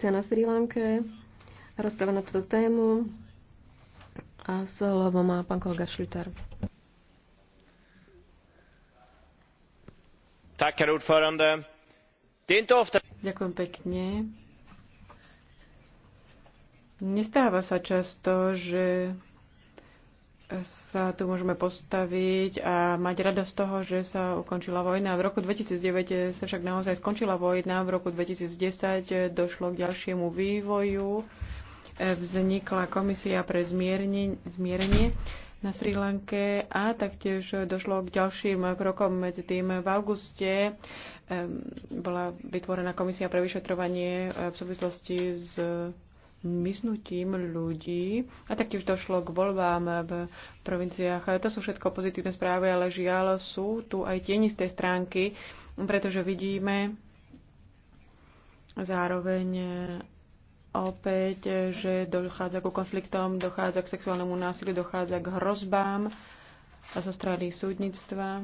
situácia na Sri Lanke, rozpráva na túto tému a slovo má pán kolega Šliter. Ďakujem pekne. Nestáva sa často, že sa tu môžeme postaviť a mať radosť z toho, že sa ukončila vojna. V roku 2009 sa však naozaj skončila vojna, v roku 2010 došlo k ďalšiemu vývoju, vznikla komisia pre zmierne, zmierenie na Sri Lanke a taktiež došlo k ďalším krokom medzi tým. V auguste bola vytvorená komisia pre vyšetrovanie v súvislosti s miznutím ľudí a taktiež došlo k voľbám v provinciách. To sú všetko pozitívne správy, ale žiaľ sú tu aj tienisté stránky, pretože vidíme zároveň opäť, že dochádza ku konfliktom, dochádza k sexuálnemu násiliu, dochádza k hrozbám zo strany súdnictva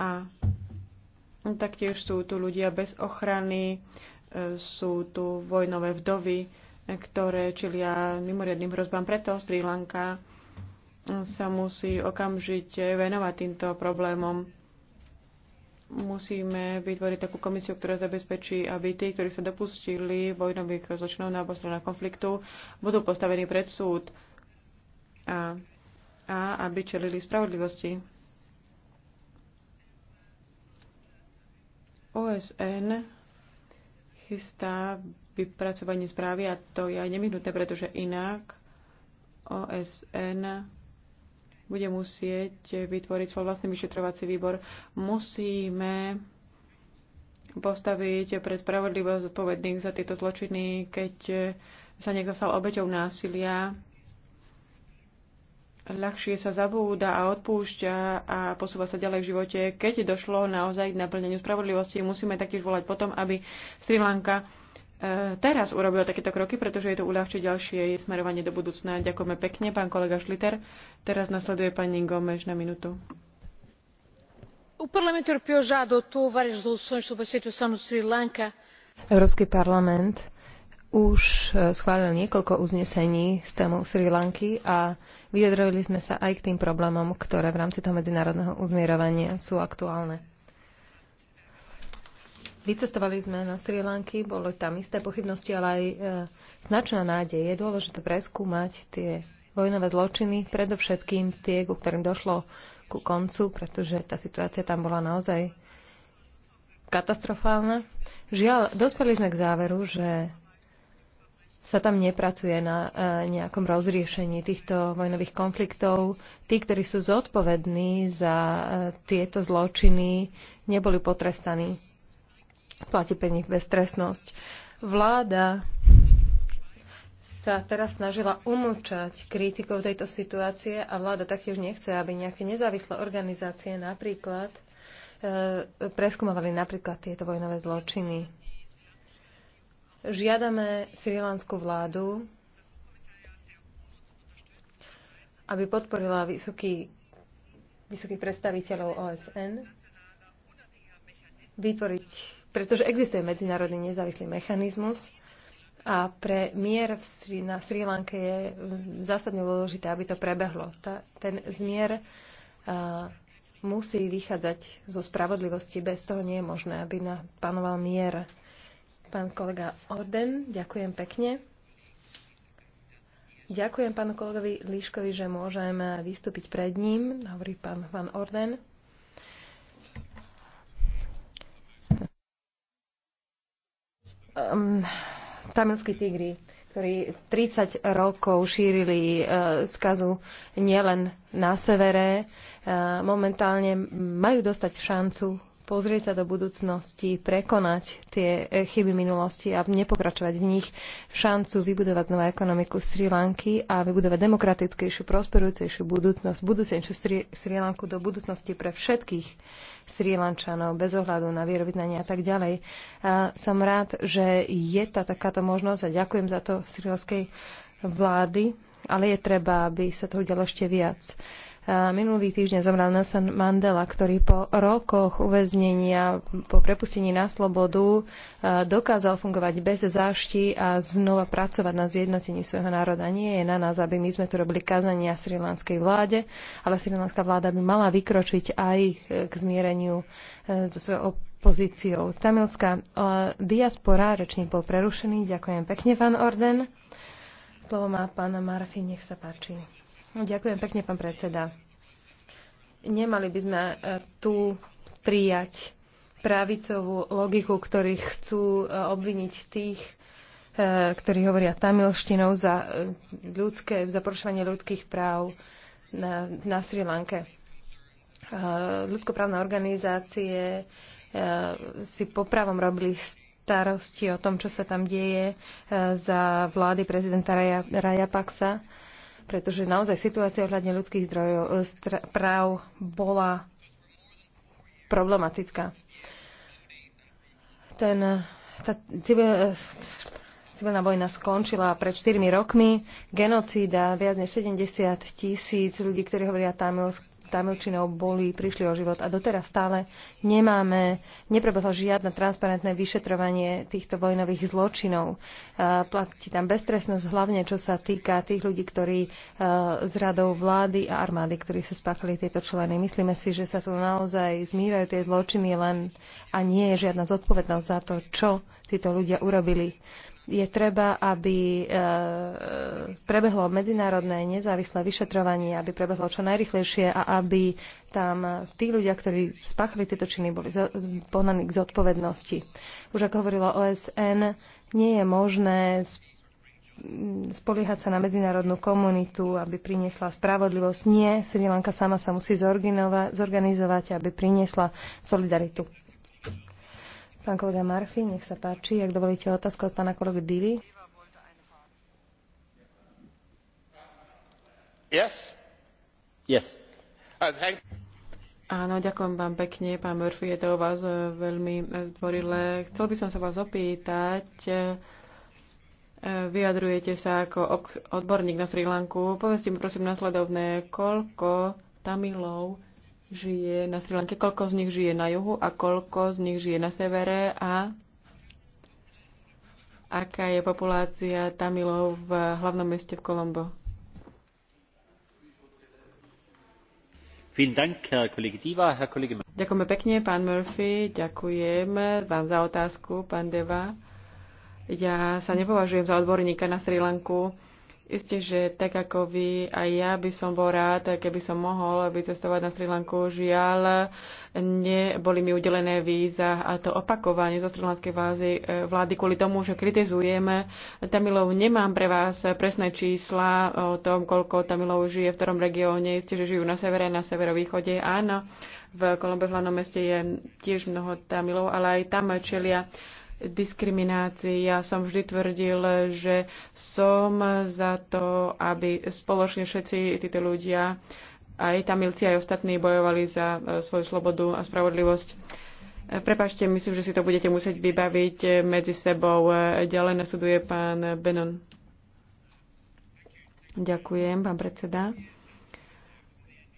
a taktiež sú tu ľudia bez ochrany, sú tu vojnové vdovy, ktoré čelia mimoriadným hrozbám. Preto Sri Lanka sa musí okamžite venovať týmto problémom. Musíme vytvoriť takú komisiu, ktorá zabezpečí, aby tí, ktorí sa dopustili vojnových zločinov na obostranách konfliktu, budú postavení pred súd a, a aby čelili spravodlivosti. OSN chystá vypracovanie správy a to je aj nevyhnutné, pretože inak OSN bude musieť vytvoriť svoj vlastný vyšetrovací výbor. Musíme postaviť pre spravodlivosť zodpovedných za tieto zločiny, keď sa niekto stal obeťou násilia ľahšie sa zabúda a odpúšťa a posúva sa ďalej v živote. Keď došlo naozaj k naplneniu spravodlivosti, musíme taktiež volať potom, aby Sri Lanka e, teraz urobila takéto kroky, pretože je to uľahčiť ďalšie smerovanie do budúcna. Ďakujeme pekne, pán kolega Šliter. Teraz nasleduje pani Gomeš na minútu. No Európsky parlament už eh, schválil niekoľko uznesení s témou Sri Lanky a vyjadrovili sme sa aj k tým problémom, ktoré v rámci toho medzinárodného uzmierovania sú aktuálne. Vycestovali sme na Sri Lanky, boli tam isté pochybnosti, ale aj eh, značná nádej. Je dôležité preskúmať tie vojnové zločiny, predovšetkým tie, ku ktorým došlo ku koncu, pretože tá situácia tam bola naozaj katastrofálna. Žiaľ, dospeli sme k záveru, že sa tam nepracuje na e, nejakom rozriešení týchto vojnových konfliktov. Tí, ktorí sú zodpovední za e, tieto zločiny, neboli potrestaní. Platí pre nich beztrestnosť. Vláda sa teraz snažila umúčať kritikov tejto situácie a vláda taktiež nechce, aby nejaké nezávislé organizácie napríklad preskumovali preskúmovali napríklad tieto vojnové zločiny Žiadame srilanskú vládu, aby podporila vysoký, vysokých predstaviteľov OSN vytvoriť, pretože existuje medzinárodný nezávislý mechanizmus a pre mier v Sri, na Sri Lanke je mm, zásadne dôležité, aby to prebehlo. Ta, ten zmier a, musí vychádzať zo spravodlivosti. Bez toho nie je možné, aby na, panoval mier. Pán kolega Orden, ďakujem pekne. Ďakujem pánu kolegovi Líškovi, že môžem vystúpiť pred ním, hovorí pán Van Orden. Um, tamilskí tigri, ktorí 30 rokov šírili uh, skazu nielen na severe, uh, momentálne majú dostať šancu pozrieť sa do budúcnosti, prekonať tie eh, chyby minulosti a nepokračovať v nich, šancu vybudovať novú ekonomiku Sri Lanky a vybudovať demokratickejšiu, prosperujúcejšiu budúcnosť, budúcejšiu Sri, Sri Lanku do budúcnosti pre všetkých Sri Lančanov, bez ohľadu na vierovýznanie a tak ďalej. A som rád, že je tá takáto možnosť a ďakujem za to sri vlády, ale je treba, aby sa to udialo ešte viac. Minulý týždeň zomrel Nelson Mandela, ktorý po rokoch uväznenia, po prepustení na slobodu dokázal fungovať bez zášti a znova pracovať na zjednotení svojho národa. Nie je na nás, aby my sme tu robili kazania srilanskej vláde, ale srilanská vláda by mala vykročiť aj k zmiereniu e, so svojou opozíciou. Tamilská diaspora, rečník bol prerušený. Ďakujem pekne, pán Orden. Slovo má pán Marfi, nech sa páči. No, ďakujem pekne, pán predseda. Nemali by sme e, tu prijať pravicovú logiku, ktorí chcú e, obviniť tých, e, ktorí hovoria tamilštinou za, ľudské, za porušovanie ľudských práv na, na Sri Lanke. Ľudskoprávne organizácie si popravom robili starosti o tom, čo sa tam deje za vlády prezidenta Raja, Raja Paksa pretože naozaj situácia ohľadne ľudských zdrojov, e, práv bola problematická. Ten, tá civil, civilná vojna skončila pred 4 rokmi, genocída, viac než 70 tisíc ľudí, ktorí hovoria tamilsky, Tamilčinov boli, prišli o život a doteraz stále nemáme, neprebehlo žiadne transparentné vyšetrovanie týchto vojnových zločinov. Platí tam beztresnosť, hlavne čo sa týka tých ľudí, ktorí e, z radou vlády a armády, ktorí sa spáchali tieto členy. Myslíme si, že sa tu naozaj zmývajú tie zločiny len a nie je žiadna zodpovednosť za to, čo títo ľudia urobili je treba, aby e, prebehlo medzinárodné nezávislé vyšetrovanie, aby prebehlo čo najrychlejšie a aby tam tí ľudia, ktorí spáchali tieto činy, boli pohnaní k zodpovednosti. Už ako hovorilo OSN, nie je možné spoliehať sa na medzinárodnú komunitu, aby priniesla spravodlivosť. Nie, Sri Lanka sama sa musí zorganizovať, aby priniesla solidaritu. Pán kolega Marfi, nech sa páči. Ak dovolíte otázku od pána kolegy Divy. Yes. Yes. Uh, Áno, ďakujem vám pekne. Pán Murphy, je to o vás eh, veľmi eh, zdvorilé. Chcel by som sa vás opýtať, eh, vyjadrujete sa ako odborník na Sri Lanku. Povedzte mi prosím nasledovné, koľko Tamilov žije na Sri Lanke, koľko z nich žije na juhu a koľko z nich žije na severe a aká je populácia Tamilov v hlavnom meste v Kolombo. Ďakujeme pekne, pán Murphy. Ďakujem vám za otázku, pán Deva. Ja sa nepovažujem za odborníka na Sri Lanku. Isté, že tak ako vy, aj ja by som bol rád, keby som mohol vycestovať na Sri Lanku. Žiaľ, neboli mi udelené víza a to opakovanie zo srilanskej vázy, e, vlády kvôli tomu, že kritizujeme Tamilov. Nemám pre vás presné čísla o tom, koľko Tamilov žije v ktorom regióne. Isté, že žijú na severe, na severovýchode. Áno, v Kolombe v hlavnom meste je tiež mnoho Tamilov, ale aj tam čelia diskriminácii. Ja som vždy tvrdil, že som za to, aby spoločne všetci títo ľudia, aj Tamilci, aj ostatní, bojovali za e, svoju slobodu a spravodlivosť. E, Prepašte, myslím, že si to budete musieť vybaviť medzi sebou. E, Ďalej nasleduje pán Benon. Ďakujem, pán predseda.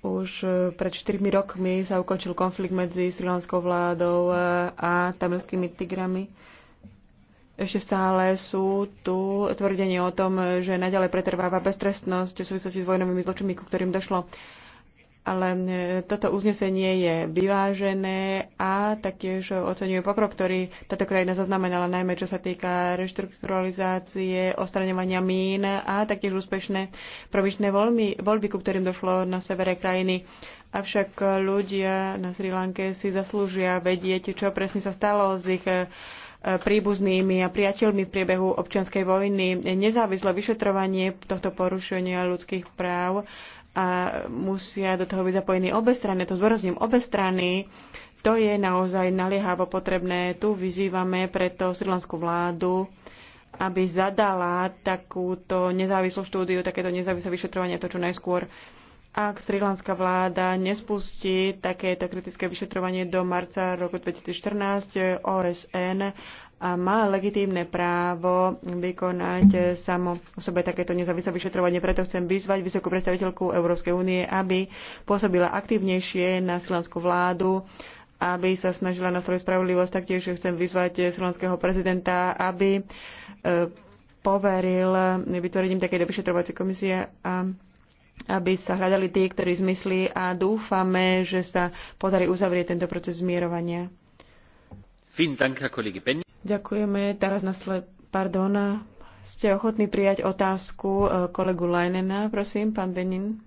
Už e, pred 4 rokmi sa ukončil konflikt medzi srilanskou vládou e, a tamilskými tigrami. Ešte stále sú tu tvrdenie o tom, že naďalej pretrváva beztrestnosť v súvislosti s vojnovými zločinmi, ku ktorým došlo ale e, toto uznesenie je vyvážené a taktiež oceňuje pokrok, ktorý táto krajina zaznamenala, najmä čo sa týka reštrukturalizácie, ostraňovania mín a taktiež úspešné provičné voľby, voľby, ku ktorým došlo na severe krajiny. Avšak ľudia na Sri Lanke si zaslúžia vedieť, čo presne sa stalo z ich e, príbuznými a priateľmi v priebehu občianskej vojny. Nezávislé vyšetrovanie tohto porušenia ľudských práv a musia do toho byť zapojení obe strany, to zdôrazním obe strany, to je naozaj naliehavo potrebné. Tu vyzývame preto srilanskú vládu, aby zadala takúto nezávislú štúdiu, takéto nezávislé vyšetrovanie to čo najskôr. Ak srilanská vláda nespustí takéto kritické vyšetrovanie do marca roku 2014, OSN a má legitímne právo vykonať samo o sebe takéto nezávislé vyšetrovanie. Preto chcem vyzvať vysokú predstaviteľku Európskej únie, aby pôsobila aktívnejšie na silanskú vládu, aby sa snažila nastroj spravodlivosť. Taktiež chcem vyzvať silanského prezidenta, aby e, poveril vytvorením takéto vyšetrovacej komisie a aby sa hľadali tí, ktorí zmysli a dúfame, že sa podarí uzavrieť tento proces zmierovania. Vielen Dank, Herr Kollege Benny. Ďakujeme. Teraz nasle... Pardon. Ste ochotní prijať otázku e, kolegu Leinena, prosím, pán Benin?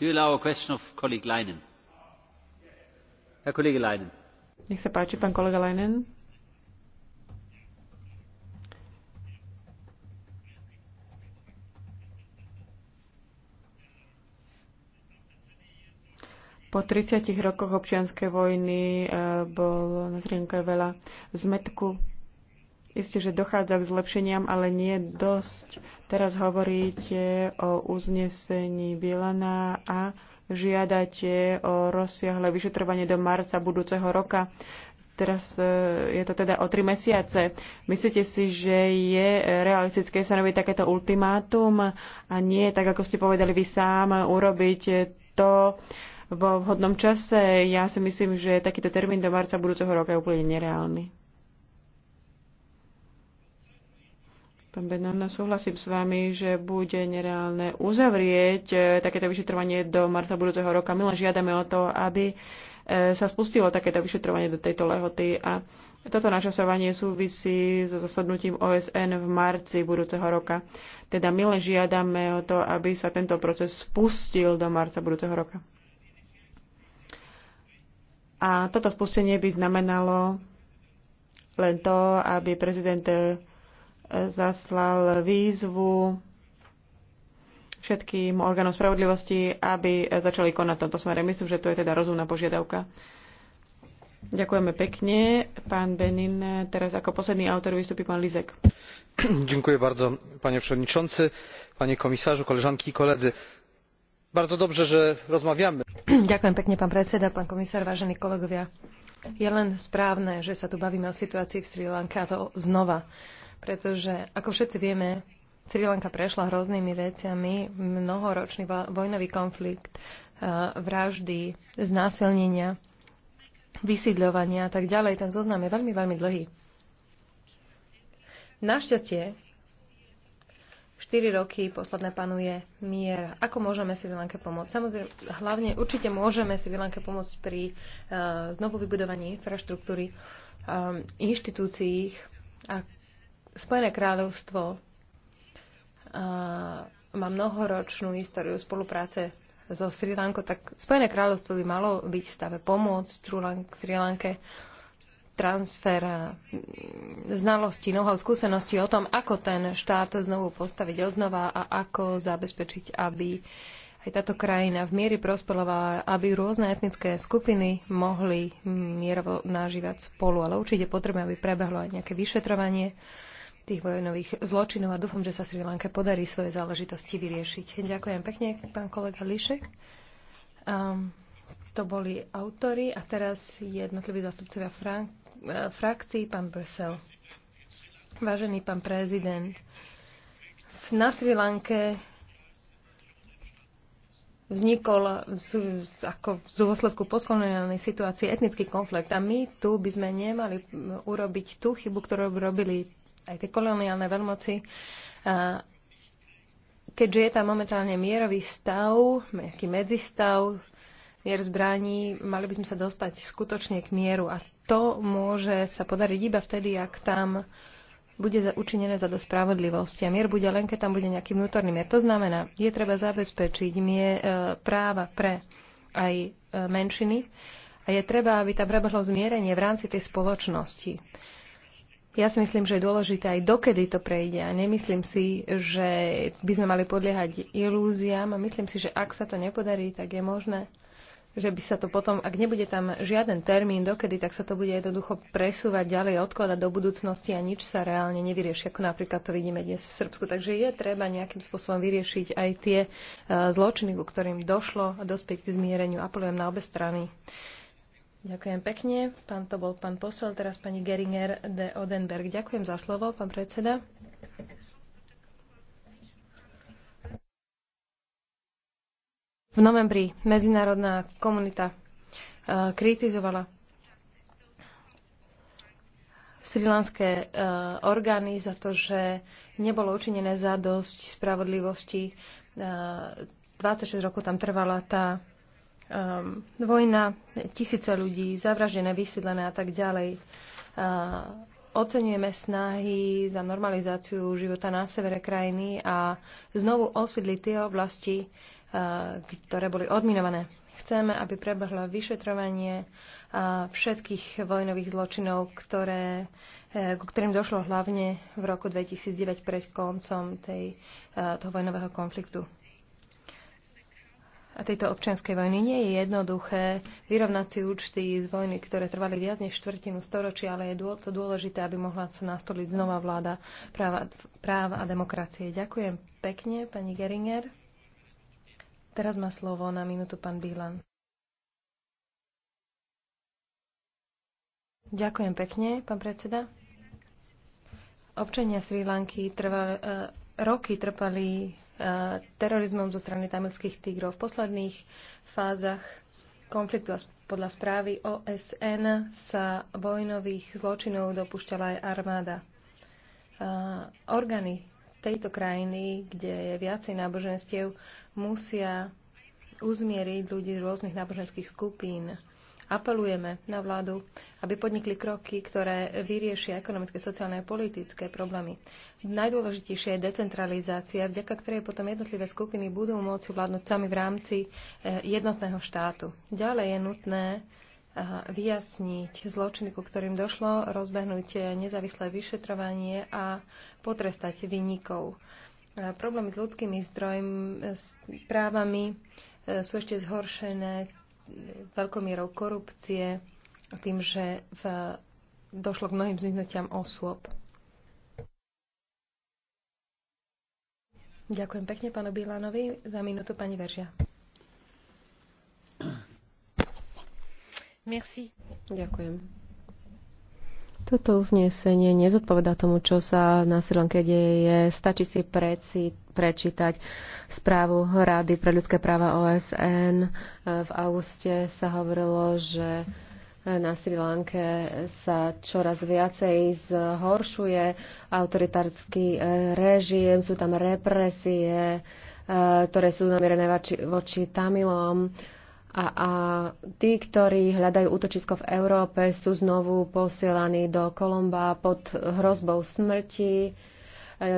Do you allow a question of colleague Leinen? Herr Kollege Leinen. Nech sa páči, pán kolega Leinen. Po 30 rokoch občianskej vojny e, bol na zrienke veľa zmetku. Isté, že dochádza k zlepšeniam, ale nie dosť. Teraz hovoríte o uznesení Bielana a žiadate o rozsiahle vyšetrovanie do marca budúceho roka. Teraz e, je to teda o tri mesiace. Myslíte si, že je realistické stanoviť takéto ultimátum a nie, tak ako ste povedali vy sám, urobiť to, vo vhodnom čase. Ja si myslím, že takýto termín do marca budúceho roka je úplne nereálny. Pán Benona, súhlasím s vami, že bude nereálne uzavrieť eh, takéto vyšetrovanie do marca budúceho roka. My len žiadame o to, aby eh, sa spustilo takéto vyšetrovanie do tejto lehoty a toto načasovanie súvisí so zasadnutím OSN v marci budúceho roka. Teda my len žiadame o to, aby sa tento proces spustil do marca budúceho roka. A toto spustenie by znamenalo len to, aby prezident eh, zaslal výzvu všetkým orgánom spravodlivosti, aby eh, začali konať v tomto smere. Myslím, že to je teda rozumná požiadavka. Ďakujeme pekne. Pán Benin, eh, teraz ako posledný autor vystupí pán Lizek. Dziękuję bardzo, panie przewodniczący, panie komisarzu, koleżanki i koledzy bardzo dobrze rozmawiamy. ďakujem pekne pán predseda pán komisár vážení kolegovia je len správne že sa tu bavíme o situácii v sri lanke a to znova pretože ako všetci vieme Sri Lanka prešla hroznými veciami, mnohoročný vojnový konflikt, vraždy, znásilnenia, vysídľovania a tak ďalej. Ten zoznam je veľmi, veľmi dlhý. Našťastie 4 roky posledné panuje mier. Ako môžeme si Lanke pomôcť? Samozrejme, hlavne určite môžeme si Lanke pomôcť pri uh, znovu vybudovaní infraštruktúry um, inštitúcií a Spojené kráľovstvo uh, má mnohoročnú históriu spolupráce so Sri Lankou, tak Spojené kráľovstvo by malo byť v stave pomôcť Sri Lanke. Uh, transfer eh, znalostí, noho, skúseností o tom, ako ten štát znovu postaviť odnova a ako zabezpečiť, aby aj táto krajina v miery prosperovala, aby rôzne etnické skupiny mohli mierovo nažívať spolu. Ale určite potrebujeme, aby prebehlo aj nejaké vyšetrovanie tých vojnových zločinov a dúfam, že sa Sri Lanka podarí svoje záležitosti vyriešiť. Ďakujem pekne, pán kolega Lišek. Um, to boli autory a teraz jednotliví zastupcovia frank- E, frakcii, pán Brsel. Vážený pán prezident, na Sri Lanke vznikol ako z dôsledku postkoloniálnej situácie etnický konflikt. A my tu by sme nemali e, urobiť tú chybu, ktorú robili aj tie koloniálne veľmoci. A e, keďže je tam momentálne mierový stav, nejaký medzistav, mier zbraní, mali by sme sa dostať skutočne k mieru a to môže sa podariť iba vtedy, ak tam bude učinené za do spravodlivosti. A mier bude len, keď tam bude nejaký vnútorný mier. To znamená, je treba zabezpečiť mie, e, práva pre aj e, menšiny a je treba, aby tam prebehlo zmierenie v rámci tej spoločnosti. Ja si myslím, že je dôležité aj dokedy to prejde a nemyslím si, že by sme mali podliehať ilúziám a myslím si, že ak sa to nepodarí, tak je možné že by sa to potom, ak nebude tam žiaden termín dokedy, tak sa to bude jednoducho presúvať ďalej, odkladať do budúcnosti a nič sa reálne nevyrieši, ako napríklad to vidíme dnes v Srbsku. Takže je treba nejakým spôsobom vyriešiť aj tie e, zločiny, ku ktorým došlo a dospieť k zmiereniu. Apelujem na obe strany. Ďakujem pekne. Pán to bol pán posol, teraz pani Geringer de Odenberg. Ďakujem za slovo, pán predseda. V novembri medzinárodná komunita e, kritizovala srilanské e, orgány za to, že nebolo učinené za dosť spravodlivosti. 26 e, rokov tam trvala tá vojna, tisíce ľudí zavraždené, vysídlené a tak ďalej. Oceňujeme snahy za normalizáciu života na severe krajiny a znovu osídli tie oblasti, Eh, ktoré boli odminované. Chceme, aby prebehlo vyšetrovanie eh, všetkých vojnových zločinov, ktoré, eh, k ktorým došlo hlavne v roku 2009 pred koncom tej, toho vojnového konfliktu a tejto občianskej vojny nie je jednoduché vyrovnať si účty z vojny, ktoré trvali viac než štvrtinu storočia, ale je to dôležité, aby mohla sa nastoliť znova vláda práva, práva a demokracie. Ďakujem pekne, pani Geringer. Teraz má slovo na minútu pán Bílan. Ďakujem pekne, pán predseda. Občania Sri Lanky uh, roky trpali e, terorizmom zo strany tamilských tigrov. V posledných fázach konfliktu a podľa správy OSN sa vojnových zločinov dopúšťala aj armáda. E, orgány tejto krajiny, kde je viacej náboženstiev, musia uzmieriť ľudí z rôznych náboženských skupín. Apelujeme na vládu, aby podnikli kroky, ktoré vyriešia ekonomické, sociálne a politické problémy. Najdôležitejšia je decentralizácia, vďaka ktorej potom jednotlivé skupiny budú môcť vládnuť sami v rámci eh, jednotného štátu. Ďalej je nutné vyjasniť zločiny, ku ktorým došlo, rozbehnúť nezávislé vyšetrovanie a potrestať vynikov. Problémy s ľudskými zdrojmi, s právami e, sú ešte zhoršené veľkou mierou korupcie, tým, že v, došlo k mnohým zniknutiam osôb. Ďakujem pekne pánu Bílanovi. Za minútu pani Veržia. Merci. Ďakujem. Toto uznesenie nezodpovedá tomu, čo sa na Sri deje. Stačí si preci, prečítať správu Rady pre ľudské práva OSN. V auguste sa hovorilo, že na Sri Lanke sa čoraz viacej zhoršuje autoritársky e, režim, sú tam represie, e, ktoré sú namierené voči, voči Tamilom a, a tí, ktorí hľadajú útočisko v Európe, sú znovu posielaní do Kolomba pod hrozbou smrti. E,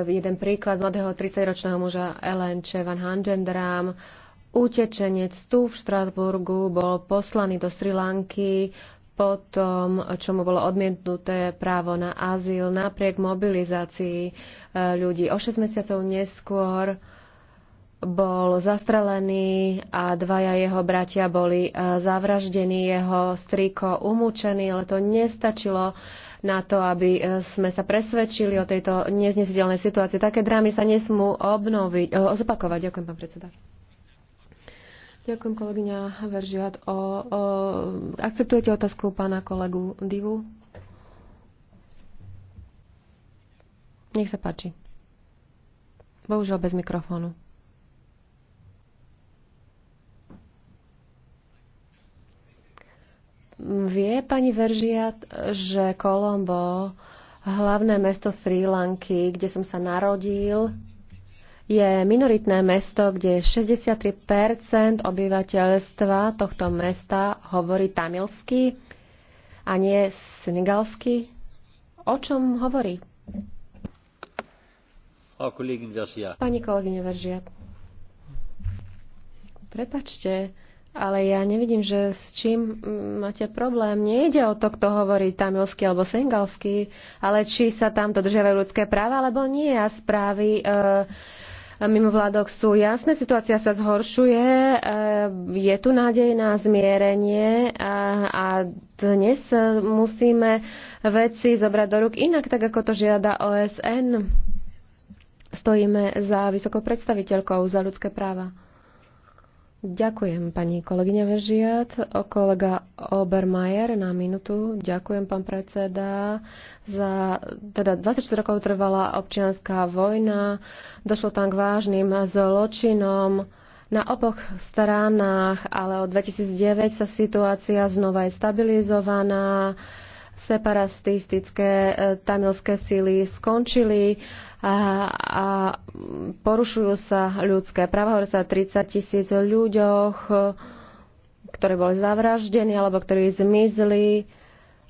jeden príklad mladého 30-ročného muža Ellen Van Hangendram, utečenec tu v Štrasburgu, bol poslaný do Sri Lanky po tom, čo mu bolo odmietnuté právo na azyl napriek mobilizácii e, ľudí. O 6 mesiacov neskôr bol zastrelený a dvaja jeho bratia boli e, zavraždení, jeho striko umúčený, ale to nestačilo na to, aby e, sme sa presvedčili o tejto neznesiteľnej situácii. Také drámy sa nesmú obnoviť, e, zopakovať. Ďakujem, pán predseda. Ďakujem, kolegyňa Veržiat. O, o, akceptujete otázku pána kolegu Divu? Nech sa páči. Bohužiaľ bez mikrofónu. Nie, pani veržia, že Kolombo, hlavné mesto Sri Lanky, kde som sa narodil, je minoritné mesto, kde 63% obyvateľstva tohto mesta hovorí tamilsky a nie senegalsky. O čom hovorí? Pani kolegyne veržia. Prepačte, ale ja nevidím, že s čím máte problém. Nejde o to, kto hovorí tamilsky alebo sengalsky, ale či sa tam dodržiavajú ľudské práva alebo nie. A správy e, mimovládok sú jasné, situácia sa zhoršuje, e, je tu nádej na zmierenie a, a dnes musíme veci zobrať do rúk inak, tak ako to žiada OSN. Stojíme za vysokou predstaviteľkou za ľudské práva. Ďakujem pani kolegyňa Vežiat. Kolega Obermajer na minutu, Ďakujem pán predseda. Za, teda 24 rokov trvala občianská vojna. Došlo tam k vážnym zločinom. Na oboch stranách, ale od 2009 sa situácia znova je stabilizovaná separatistické e, tamilské síly skončili a, a porušujú sa ľudské práva. Hovorí sa 30 tisíc ľuďoch, e, ktorí boli zavraždení alebo ktorí zmizli.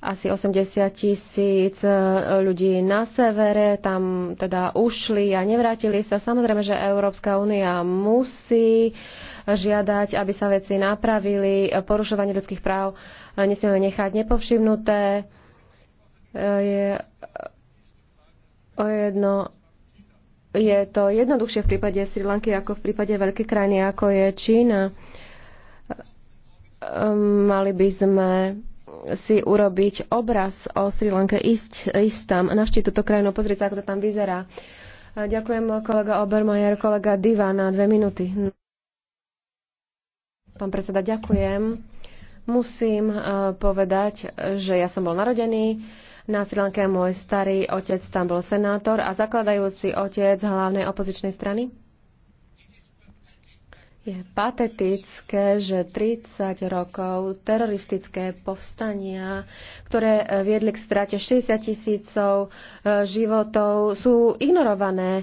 Asi 80 tisíc e, ľudí na severe tam teda ušli a nevrátili sa. Samozrejme, že Európska únia musí žiadať, aby sa veci napravili. Porušovanie ľudských práv nesmieme nechať nepovšimnuté je o jedno je to jednoduchšie v prípade Sri Lanky ako v prípade veľkej krajiny ako je Čína. Um, mali by sme si urobiť obraz o Sri Lanke, ísť, ísť tam, navštíviť túto krajinu, pozrieť sa, ako to tam vyzerá. Ďakujem kolega Obermajer, kolega Diva na dve minúty. Pán predseda, ďakujem. Musím eh, povedať, že ja som bol narodený na Sri Lanke môj starý otec tam bol senátor a zakladajúci otec hlavnej opozičnej strany. Je patetické, že 30 rokov teroristické povstania, ktoré e, viedli k strate 60 tisícov e, životov, sú ignorované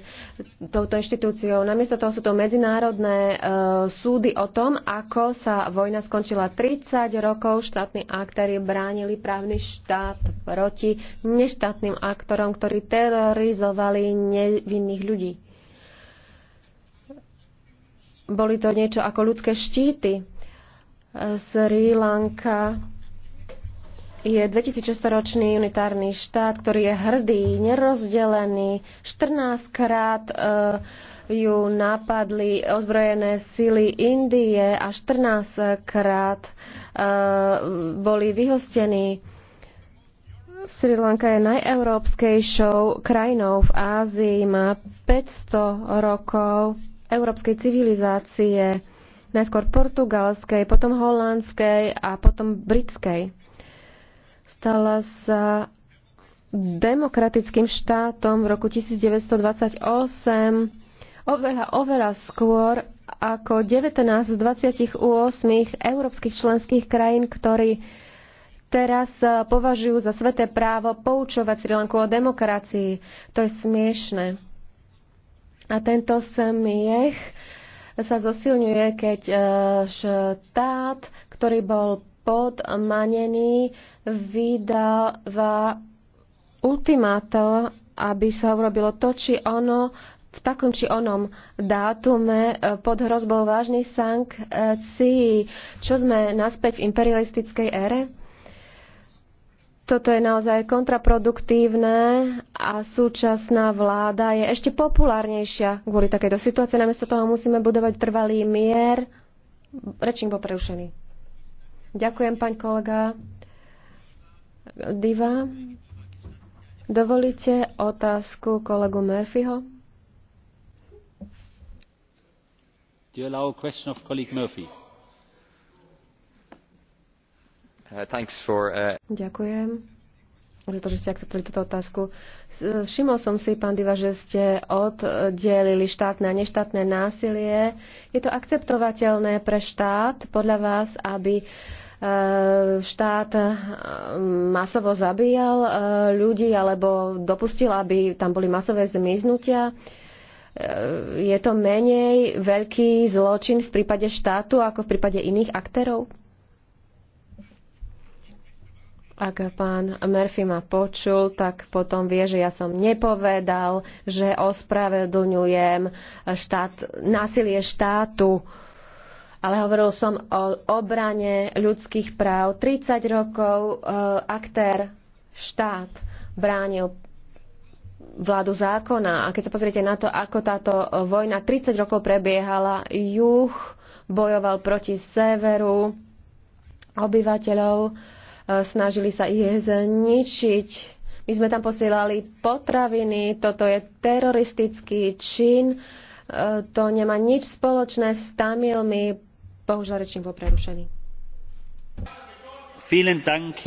touto inštitúciou. Namiesto toho sú to medzinárodné e, súdy o tom, ako sa vojna skončila. 30 rokov štátni aktéry bránili právny štát proti neštátnym aktorom, ktorí terorizovali nevinných ľudí. Boli to niečo ako ľudské štíty. Sri Lanka je 2600-ročný unitárny štát, ktorý je hrdý, nerozdelený. 14-krát eh, ju napadli ozbrojené sily Indie a 14-krát eh, boli vyhostení. Sri Lanka je najeurópskejšou krajinou v Ázii, má 500 rokov európskej civilizácie, najskôr portugalskej, potom holandskej a potom britskej. Stala sa demokratickým štátom v roku 1928 oveľa, oveľa skôr ako 19 z 28 európskych členských krajín, ktorí teraz e, považujú za sveté právo poučovať Sri Lanku o demokracii. To je smiešne. A tento smiech sa zosilňuje, keď e, štát, ktorý bol podmanený, vydáva ultimáto, aby sa urobilo to, či ono v takom či onom dátume e, pod hrozbou vážnych sankcií. Čo sme naspäť v imperialistickej ére? Toto je naozaj kontraproduktívne a súčasná vláda je ešte populárnejšia kvôli takejto situácii. Namiesto toho musíme budovať trvalý mier. Rečník bol prerušený. Ďakujem, pán kolega. Diva, dovolíte otázku kolegu Murphyho? Do you allow a question of colleague Murphy? Uh, uh, Ďakujem za to, že ste akceptovali túto otázku. Uh, všimol som si, pán Diva, že ste oddelili štátne a neštátne násilie. Je to akceptovateľné pre štát, podľa vás, aby štát masovo zabíjal ľudí alebo dopustil, aby tam boli masové zmiznutia? Je to menej veľký zločin v prípade štátu ako v prípade iných aktérov? Ak pán Murphy ma počul, tak potom vie, že ja som nepovedal, že ospravedlňujem štát, násilie štátu. Ale hovoril som o obrane ľudských práv. 30 rokov e, aktér štát bránil vládu zákona. A keď sa pozriete na to, ako táto vojna 30 rokov prebiehala, juh bojoval proti severu obyvateľov snažili sa ich zničiť. My sme tam posielali potraviny, toto je teroristický čin, e, to nemá nič spoločné s Tamilmi. Bohužiaľ, rečník bol prerušený. Dank,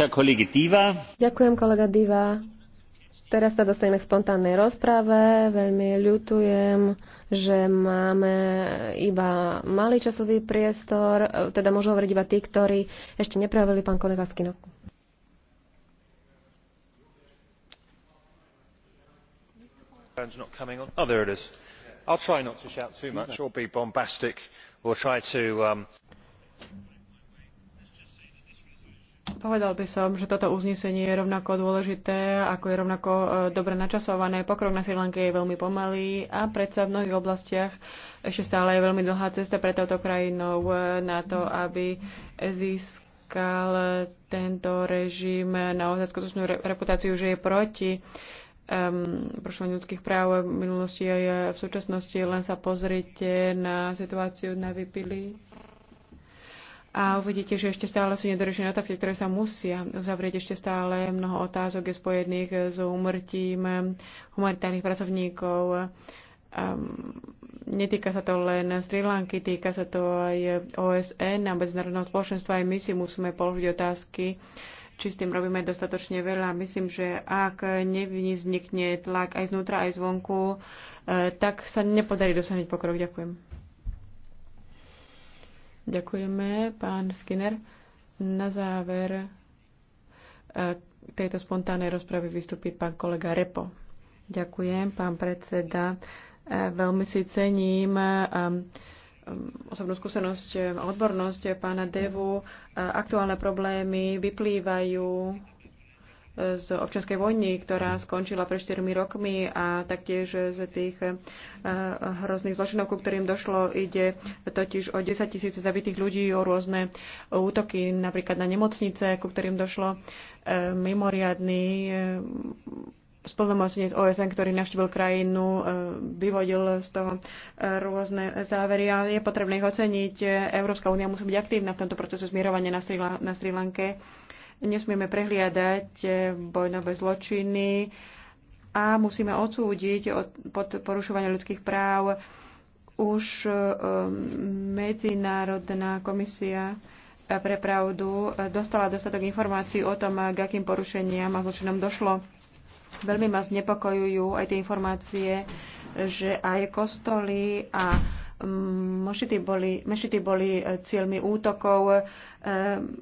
Ďakujem, kolega Diva. Teraz sa dostaneme k spontánnej rozprave. Veľmi ľutujem, že máme iba malý časový priestor, e, teda môžu hovoriť iba tí, ktorí ešte neprejavili pán kolega Skino. Oh, I'll try not to shout too much or be bombastic or try to um, Povedal by som, že toto uznesenie je rovnako dôležité, ako je rovnako e, dobre načasované. Pokrok na Sri Lanke je veľmi pomalý a predsa v mnohých oblastiach ešte stále je veľmi dlhá cesta pre touto krajinou e, na to, aby získal tento režim naozaj skutočnú reputáciu, že je proti um, ľudských práv v minulosti aj v súčasnosti. Len sa pozrite na situáciu na Vipili a uvidíte, že ešte stále sú nedorešené otázky, ktoré sa musia uzavrieť. Ešte stále mnoho otázok je spojených s úmrtím humanitárnych pracovníkov. Um, netýka sa to len Sri Lanky, týka sa to aj OSN a medzinárodného spoločenstva. Aj my si musíme položiť otázky, či s tým robíme dostatočne veľa. Myslím, že ak nevznikne tlak aj znútra, aj zvonku, eh, tak sa nepodarí dosiahnuť pokrok. Ďakujem. Ďakujeme, pán Skinner. Na záver e, tejto spontánnej rozpravy vystupí pán kolega Repo. Ďakujem, pán predseda. E, veľmi si cením e, osobnú skúsenosť a odbornosť pána Devu. Aktuálne problémy vyplývajú z občianskej vojny, ktorá skončila pred 4 rokmi a taktiež z tých eh, hrozných zločinov, ku ktorým došlo, ide totiž o 10 tisíc zabitých ľudí, o rôzne útoky napríklad na nemocnice, ku ktorým došlo eh, mimoriadný z eh, OSN, ktorý navštívil krajinu, vyvodil z toho rôzne závery a je potrebné ich oceniť. Európska únia musí byť aktívna v tomto procese zmierovania na Sri, na Sri Lanke Nesmieme prehliadať vojnové eh, zločiny a musíme odsúdiť od, pod porušovanie ľudských práv. Už eh, eh, Medzinárodná komisia pre pravdu dostala dostatok informácií o tom, k akým porušeniam a zločinom došlo. Veľmi ma znepokojujú aj tie informácie, že aj kostoly a mm, mešity boli, boli cieľmi útokov. Um,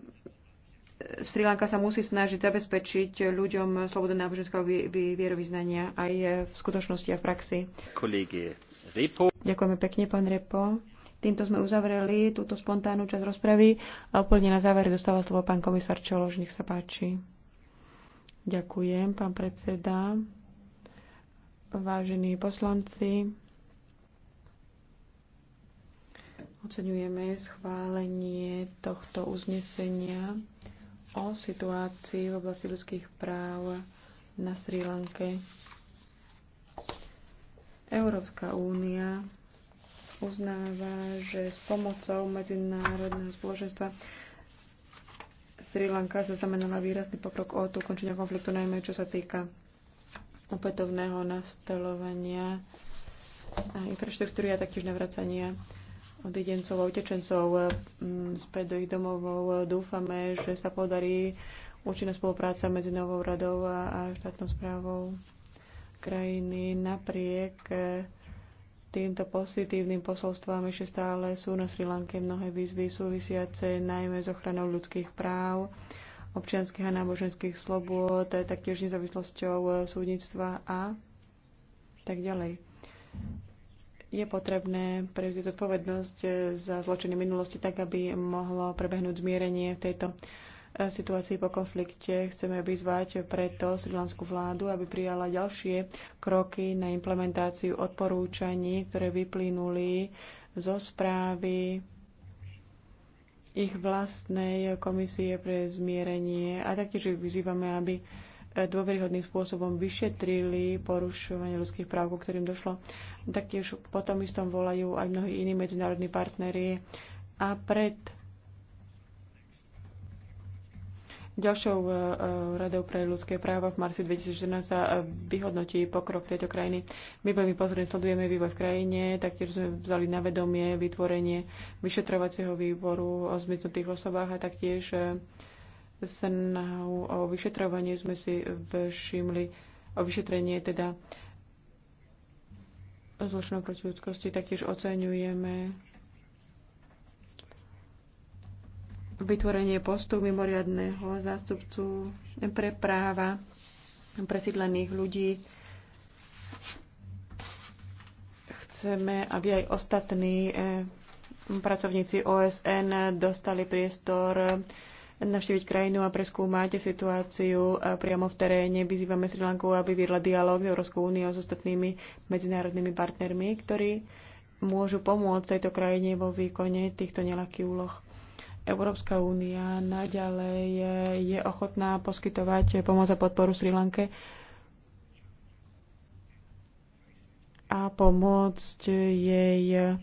Sri Lanka sa musí snažiť zabezpečiť ľuďom slobodu náboženského vierovýznania aj v skutočnosti a v praxi. Ďakujeme pekne, pán Repo. Týmto sme uzavreli túto spontánnu časť rozpravy a úplne na záver dostáva slovo pán komisár Čolož. Nech sa páči. Ďakujem, pán predseda. Vážení poslanci, oceňujeme schválenie tohto uznesenia o situácii v oblasti ľudských práv na Sri Lanke. Európska únia uznáva, že s pomocou medzinárodného spoločenstva Sri Lanka zaznamenala výrazný pokrok od ukončenia konfliktu, najmä čo sa týka opätovného a infraštruktúry a taktiež navracania odidencov a utečencov e, späť do ich domovov. Dúfame, že sa podarí účinná spolupráca medzi Novou radou a štátnou správou krajiny. Napriek e, týmto pozitívnym posolstvám ešte stále sú na Sri Lanke mnohé výzvy súvisiace najmä s ochranou ľudských práv, občianských a náboženských slobôd, taktiež nezávislosťou súdnictva a tak ďalej je potrebné prevziať zodpovednosť eh, za zločiny minulosti tak, aby mohlo prebehnúť zmierenie v tejto eh, situácii po konflikte. Chceme vyzvať preto srilanskú vládu, aby prijala ďalšie kroky na implementáciu odporúčaní, ktoré vyplynuli zo správy ich vlastnej komisie pre zmierenie a taktiež vyzývame, aby dôveryhodným spôsobom vyšetrili porušovanie ľudských práv, ku ktorým došlo. Taktiež potom istom volajú aj mnohí iní medzinárodní partnery. A pred ďalšou e, e, radou pre ľudské práva v marci 2014 sa e, vyhodnotí pokrok tejto krajiny. My veľmi pozorne sledujeme vývoj v krajine, taktiež sme vzali na vedomie vytvorenie vyšetrovacieho výboru o zmiznutých osobách a taktiež Snahu o vyšetrovanie sme si všimli, o vyšetrenie teda zločinov proti ľudskosti, taktiež oceňujeme vytvorenie postu mimoriadného zástupcu pre práva presídlených ľudí. Chceme, aby aj ostatní eh, pracovníci OSN dostali priestor navštíviť krajinu a preskúmať situáciu eh, priamo v teréne. Vyzývame Sri Lanku, aby viedla dialog s Európskou úniou s ostatnými medzinárodnými partnermi, ktorí môžu pomôcť tejto krajine vo výkone týchto nelakých úloh. Európska únia naďalej eh, je ochotná poskytovať pomoc a podporu Sri Lanke a pomôcť jej eh,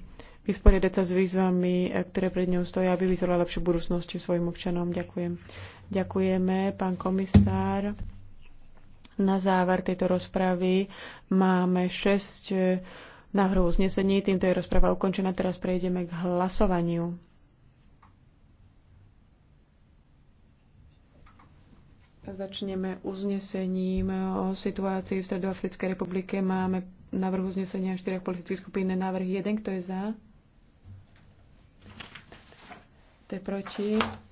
vysporiadať sa s výzvami, e, ktoré pred ňou stojí, aby vytvorila lepšiu budúcnosť svojim občanom. Ďakujem. Ďakujeme, pán komisár. Na záver tejto rozpravy máme 6 e, návrhov uznesení. Týmto je rozprava ukončená. Teraz prejdeme k hlasovaniu. Začneme uznesením o situácii v Stredoafrickej republike. Máme návrh uznesenia 4 politických skupín. Návrh 1, kto je za? To je proti.